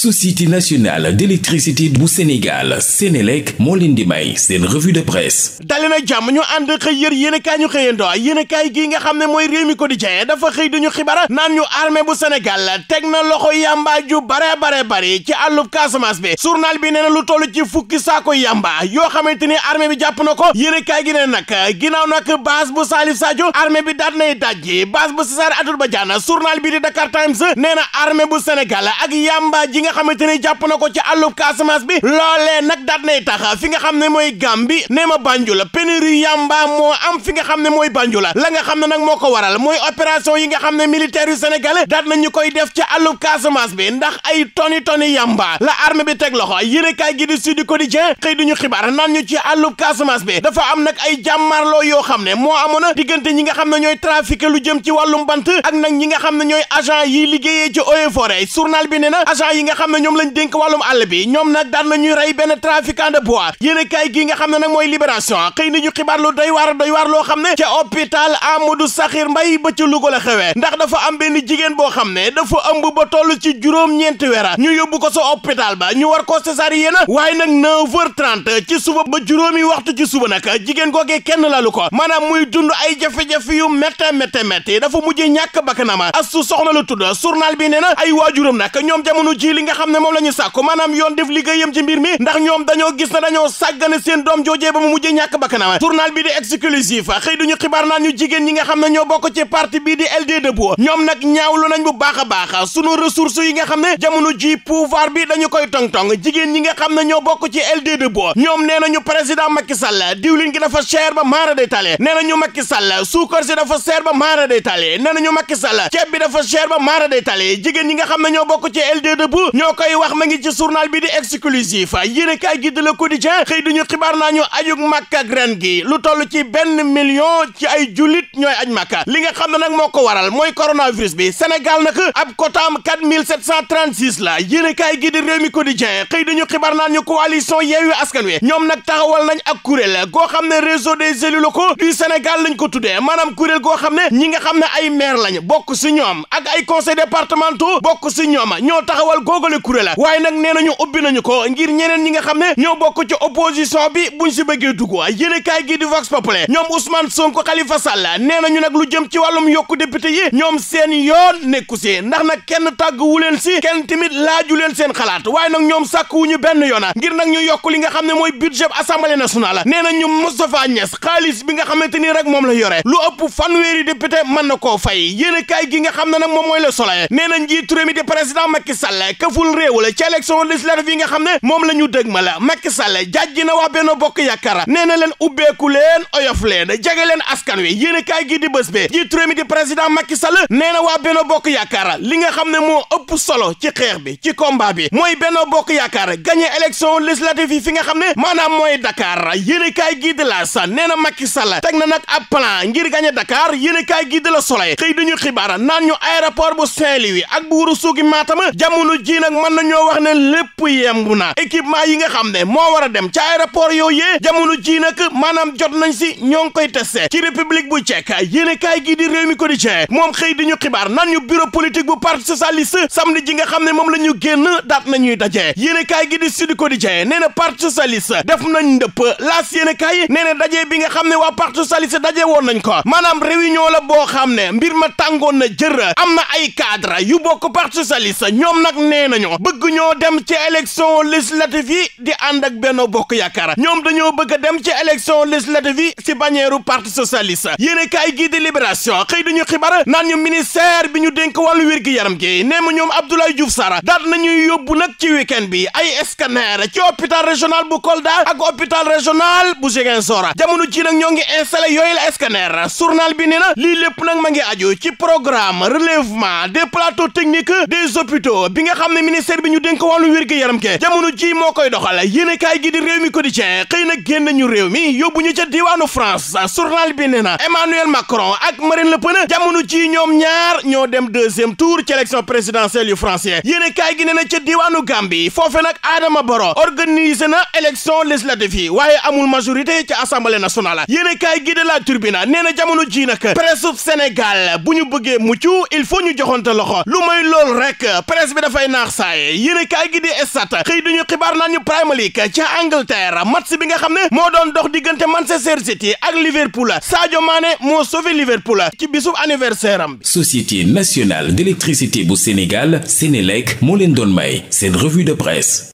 société nationale d'électricité bu Sénégal Sénélec moo leen di may seen revue de presse dali na jàmm ñu ànd xëy yër yéen i kaay ñu xëyandoo yéen i kaay gii nga xam ne mooy réew mi quotidien dafa xëy duñu xibara naan ñu armée bu Sénégal teg na loxo yàmbaa ju bare bare bari ci àllub Casamance bi journal bi nee na lu toll ci fukki saako yàmba yoo xamante ni armée bi jàpp na ko yéen i kaay gi ne nag ginnaaw nag base bu Salif Sadio armee bi daat nay dajji base bu César Abdoul Badiane journal bi di Dakar Times nee na armée bu Sénégal ak nga xamante ni jàpp na ko ci àllub Casamance bi loolee nag daat nay tax fi nga xam ne mooy Gàmbi nee ma Banjul pénurie yamba moo am fi nga xam ne mooy Banjul la nga xam na nag moo ko waral mooy opération yi nga xam ne militaire yu sénégalais na nañu koy def ci àllub Casamance bi ndax ay toni toni yamba la armée bi teg loxo yéenekaay gi di Sud Quotidien xëy duñu xibaar naan ñu ci àllub Casamance bi dafa am nag ay jàmmarloo yoo xam ne moo amoon diggante ñi nga xam ne ñooy trafiqué lu jëm ci wàllum bant ak nag ñi nga xam ne ñooy agent yi liggéeyee ci eaux bi nee na agent yi nga xam ne ñoom lañ dénk wàllum àll bi ñoom nag daan nañuy rey benn trafiquant de bois yéen kaay gi nga xam ne nag mooy libération xëy nañu xibaar lu doy waar doy waar loo xam ne ca hôpital Amadou Sakhir Mbaye ba ca Louga la xewee ndax dafa am benn jigéen boo xam ne dafa ëmb ba toll ci juróom-ñeenti weer ñu yóbbu ko sa hôpital ba ñu war ko césarienne waaye nag 9h30 ci suba ba juróomi waxtu ci suba nag jigéen googee kenn lalu ko maanaam muy dund ay jafe-jafe yu métte métte métti dafa mujjee ñàkk bakkanam astu soxna la tudd journal bi nee na ay waajuram nag ñoom jamono ji li nga xam ne moom la ñu sàkku maanaam yoon def liggéeyam ci mbir mi ndax ñoom dañoo gis ne dañoo sàggane seen doom joojee ba jigéen ñi nga xam ne ñoo bokk ci parti bii di LD Debout ñoom nag ñaawlu nañ bu baax a baax sunu ressource yi nga xam ne jamono ji pouvoir bi dañu koy tong-tong jigéen ñi nga xam ne ñoo bokk ci LD Debout ñoom nee nañu président Macky Sall diwlin gi dafa cher ba maara day tale nee nañu Macky Sall suukar si dafa cher ba maara day tale nee nañu Macky Sall ceeb bi dafa cher ba maara day tale jigéen ñi nga xam ne ñoo bokk ci LD Debout ñoo koy wax ma ngi ci journal bi di exclusif yéen kaay gi di Le Quotidien xëy duñu xibaar naa ñu ajug màkk ak ren gi lu toll ci benn million ci ay jullit ñooy aj màkka li nga xam ne nag moo ko waral mooy coronavirus bi Sénégal nag ab kotaam 4736 la yéen kaay gi di Rewmi Quotidien xëy duñu xibaar naa ñu coalition Yewwi Askan Wi ñoom nag taxawal nañ ak kuréel goo xam ne réseau des élus locaux du Sénégal lañ ko tuddee maanaam kuréel goo xam ne ñi nga xam ne ay maire lañ bokk si ñoom ak ay conseils départementaux bokk si ñoom ñoo taxawal googu boole kuré la waaye nag nee nañu ubbi nañu ko ngir ñeneen ñi nga xam ne ñoo bokk ci opposition bi buñ si bëggee dugg yéene kaay gi di vox populi ñoom Ousmane Sonko Khalifa Sall nee ñu nag lu jëm ci wàllum yokku député yi ñoom seen yoon nekku seen ndax na kenn tàgguwu leen si kenn tamit laaju leen seen xalaat waaye nag ñoom sàkkuwu ñu benn yoona ngir nag ñu yokk li nga xam ne mooy budget assemblée nationale nee nañu Moustapha Niass xaalis bi nga xamante ni rek moom la yore lu ëpp fanweeri député mën na koo fay yéene kaay gi nga xam ne nag moom mooy le soleil nee nañ njiitu réew mi di président noppul réew la ci élection législative yi nga xam ne moom la ñu dëg ma la Macky Sall jàjji na waa Benno Bokk Yaakaar ne na leen ubbeeku leen oyof leen jege leen askan wi yéen a kaay gi di bés bi jiitu réew mi ne président Macky Sall nee na waa Benno Bokk Yaakaar li nga xam ne moo ëpp solo ci xeex bi ci combat bi mooy benn Bokk Yaakaar gagné élection législative yi fi nga xam ne maanaam mooy dakaar yéen a kaay gi de la sa nee na Macky Sall teg na nag ab plan ngir gagné Dakar yéen a kaay gi de la Soleil xëy dañu ñu aéroport bu Saint-Louis ak bu Ourossogui Matam jamono ji na nag na ñoo wax ne lépp yembu na équipement yi nga xam ne moo war a dem ca aéroport yooyu jamono ji nag maanaam jot nañ si ñoo ngi koy testé ci république bu Tchèque yéen kaay gii di réew mi quotidien moom xëy di ñu xibaar nan ñu bureau politique bu parti socialiste samedi ji nga xam ne moom la ñu génn daat nañuy daje yéen kaay gii di sud quotidien nee na parti socialiste def nañ ndëpp laas yéen kaay nee na daje bi nga xam ne waa parti socialiste daje woon nañ ko maanaam réunion la boo xam ne mbir ma tàngoon na jër am na ay cadre yu bokk parti socialiste ñoom nag nañu bëgg ñoo dem ci élection législative yi di ànd ak Bokk Yaakaar ñoom dañoo bëgg dem ci élection législative yi si bannièru parti socialiste yéene kaay gii di libération xëy dañu xibaar naan ñu ministère bi ñu dénk wàllu wér-gi-yaram gi nee ma ñoom Abdoulaye Diouf Sarr daal nañuy yóbbu nag ci week-end bi ay scanner ci hôpital régional bu Kolda ak hôpital régional bu a jamono ji nag ñoo ngi installé yooyu la scanner journal bi nee na l lépp nag ma ngi ci programme relèvement des plateaux techniques ne ministère bi ñu dénk wàllu wér-gu-yaram ke jamono ji moo koy doxal yéen kaay gi di réew mi quotidien xëy na génn ñu réew mi yóbbu ñu ca diwaanu France journal bi nee na Emmanuel Macron ak Marine Le Pen jamono ñoom ñaar ñoo dem deuxième tour ci élection présidentielle yu français yéen kaay gi nee na ca diwaanu Gambie foofe nag Adama Barrow organiser na élection législative yi waaye amul majorité ci assemblée nationale yéen kaay gi de la Tribune nee na jamono ji nag presse Sénégal bu ñu bëggee mucc il faut ñu joxante loxo lu may lool rek presse bi dafay naax Versailles yéen kaay gi di Stades xëy duñu xibaar naan ñu Premier League ca Angleterre match bi nga xam ne moo doon dox diggante Manchester City ak Liverpool Sadio Mané moo sauvé Liverpool ci bisub anniversaire am bi. Société nationale d'électricité bu Sénégal Sénélec moo leen doon may seen revue de presse.